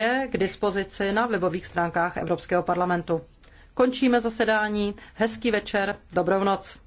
je k dispozici na webových stránkách Evropského parlamentu. Končíme zasedání. Hezký večer. Dobrou noc.